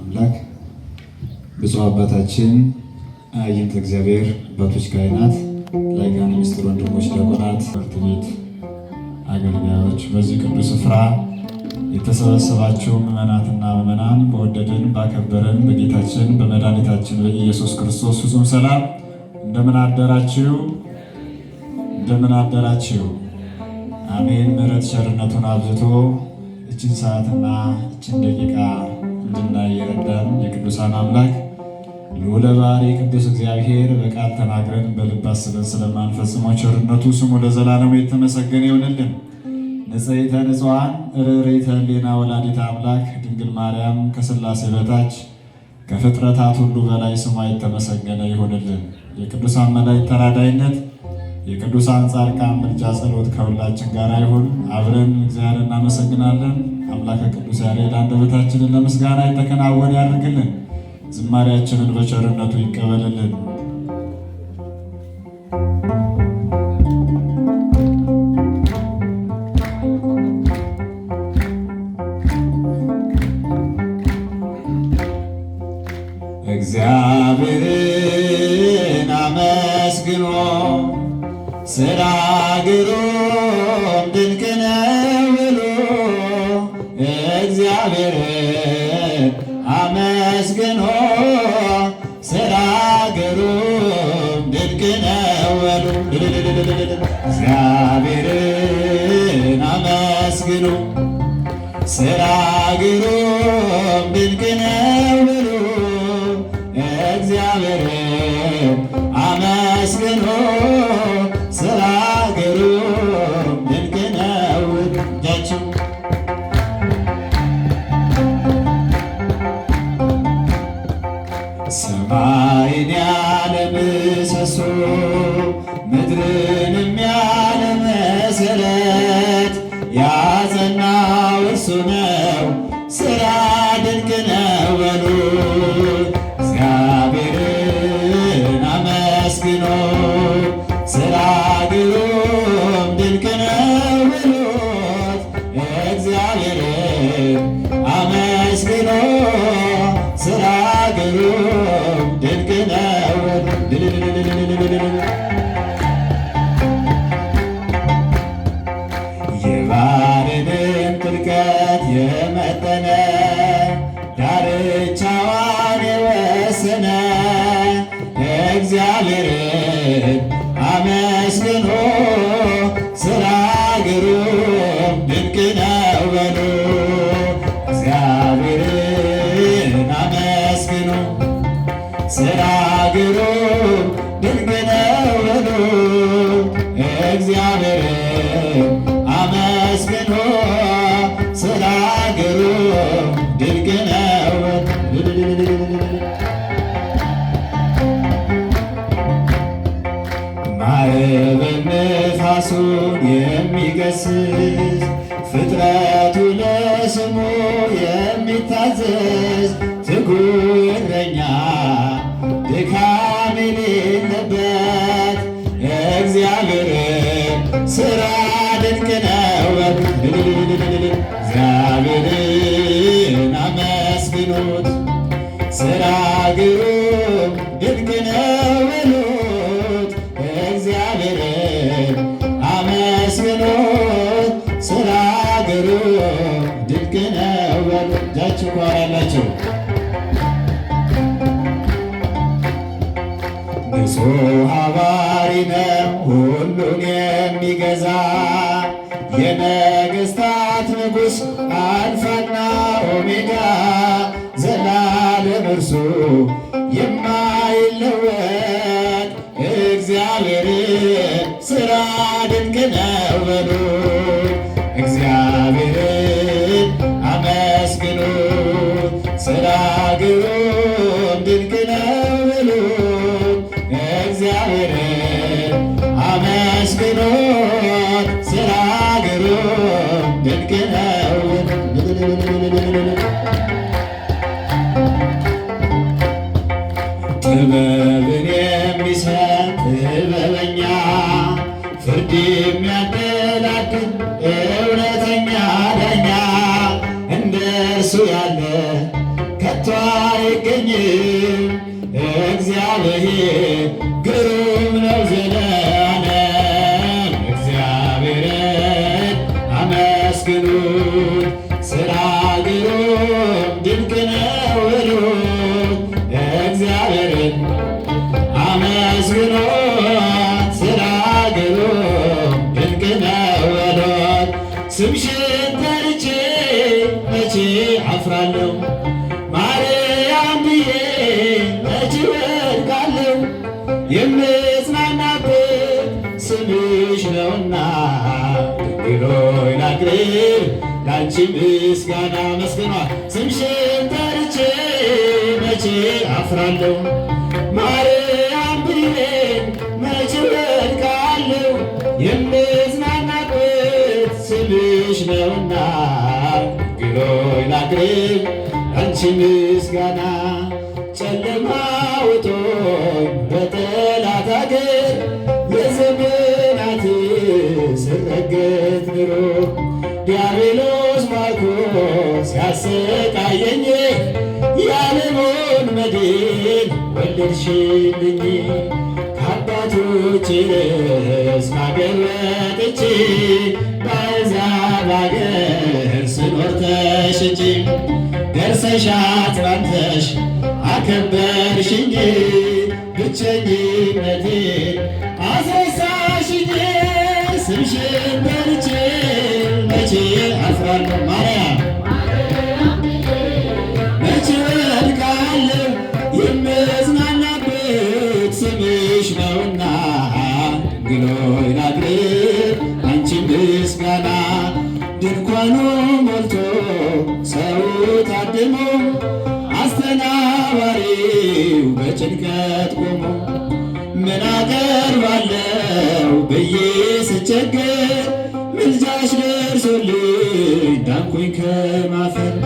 አምላክ ብፁዕ አባታችን አይንት እግዚአብሔር አባቶች ካህናት፣ ላይካን ሚኒስትር ወንድሞች ዲያቆናት፣ ትምህርት ቤት አገልጋዮች በዚህ ቅዱስ ስፍራ የተሰበሰባችሁ ምዕመናትና ምዕመናን በወደደን ባከበረን በጌታችን በመድኃኒታችን በኢየሱስ ክርስቶስ ፍጹም ሰላም እንደምን አደራችሁ? እንደምን አደራችሁ? አሜን። ምሕረት ቸርነቱን አብዝቶ እችን ሰዓትና እችን ደቂቃ እንድናይ የረዳን የቅዱሳን አምላክ ልዑለ ባሕርይ ቅዱስ እግዚአብሔር በቃል ተናግረን በልብ አስበን ስለማንፈጽመው ቸርነቱ ስሙ ለዘላለሙ የተመሰገነ ይሆንልን። ንጽሕተ ንጹሐን ርኅርኅተ ሌና ወላዲተ አምላክ ድንግል ማርያም ከስላሴ በታች ከፍጥረታት ሁሉ በላይ ስሟ የተመሰገነ ይሆንልን። የቅዱሳን መላእክት ተራዳይነት የቅዱሳን ጻድቃን ምልጃ ጸሎት ከሁላችን ጋር ይሁን። አብረን እግዚአብሔር እናመሰግናለን። አምላከ ቅዱስ ያሬድ አንደበታችንን ለምስጋና የተከናወን ያድርግልን። ዝማሬያችንን በቸርነቱ ይቀበልልን። እግዚአብሔር ስራ ግሩም ድንቅ ነው ብሎ እግዚአብሔርን አመስግኖ ስራ ግሩም ድንቅ ነው በሉ እግዚአብሔርን አመስግኖ ስራ ግሩም ድንቅ ነው ብሎ እግዚአብሔርን አመስግኖ ምሰሶ ምድርን Yeah. ፍጥረቱ ለስሙ የሚታዘዝ ትጉህ እረኛ ድካም የሌለበት እግዚአብሔርን ድንቅ ነው። እግዚአብሔርን አመስግኑት ግሩም ብዙ አባሪ ነው ሁሉን የሚገዛ የነገስታት ንጉስ አልፋና ኦሜጋ ዘላለም እርሱ የማይለወጥ እግዚአብሔር ሥራ ድንቅ ነው በሉ እንደርሱ ያለ ከቶ አይገኝም። እግዚአብሔር ግሩም ላንቺ ምስጋና መስገኗ ስምሽን ጠርቼ መቼ አፍራለሁ ማርያም ብሌን መቼ ወድቃለሁ የምዝናናበት ስምሽ ነውና ግሎይ ላቅርብ ላንቺ ምስጋና ጨለማ አልወደድሽኝ ከአባቶች ርስ ማገር ወጥቼ በአሕዛብ አገር ስኖር ተሽጬ ደርሰሻት አከበርሽኝ አስረሳሽኝ ስምሽን መቼ አፍራለሁ ምስጋና ድንኳኑ ሞልቶ ሰው ታድሞ አስተናባሪው በጭንቀት ቆሞ ምን አቀርባለው ብዬ ስቸገር ምልጃሽ ደርሶልኝ ዳንኩኝ ከማፈር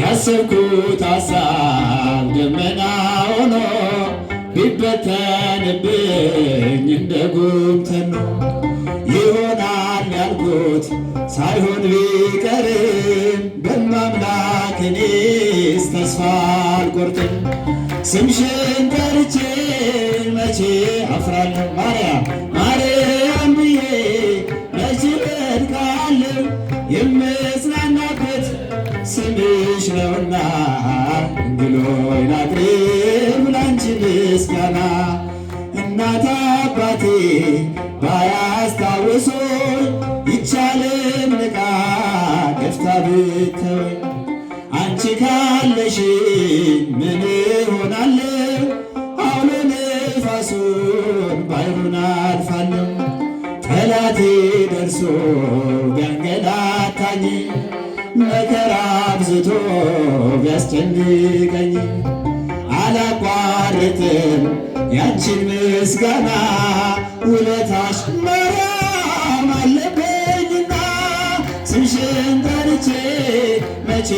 ያሰብኩት ሀሳብ ደመና ሆኖ ቢበተንብኝ እንደ ጉምተን ነው ይሆን ሞት ሳይሆን ቢቀር በማምላክ እኔስ ተስፋ አልቆርጥም። ስምሽን ጠርቼ መቼ አፍራለሁ ማርያም ማርያም ብዬ መቼ እወድቃለሁ? የምጽናናበት ስምሽ ነውና እንግሎይ ላቅርብ ላንቺ ምስጋና እናት አባቴ ጉዳቴ ደርሶ ቢያንገላታኝ መከራ አብዝቶ ቢያስጨንቀኝ አላቋርጥም ያንቺን ምስጋና ውለታሽ መራም አለብኝና ስምሽን ጠርቼ መቼ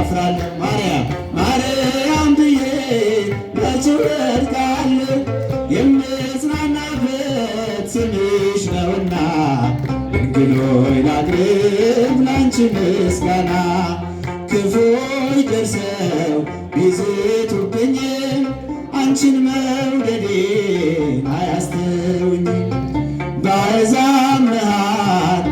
አፍራለሁ ማርያም ማርያም ብዬ መቼ ወድቃ ልጅሽ ነውና ድንግል ሆይ ላቅርብ ላንቺ ምስጋና ክፉዎች ደርሰው ቢዝቱብኝ አንቺን መውደዴ አያስተውኝ ባሕዛብ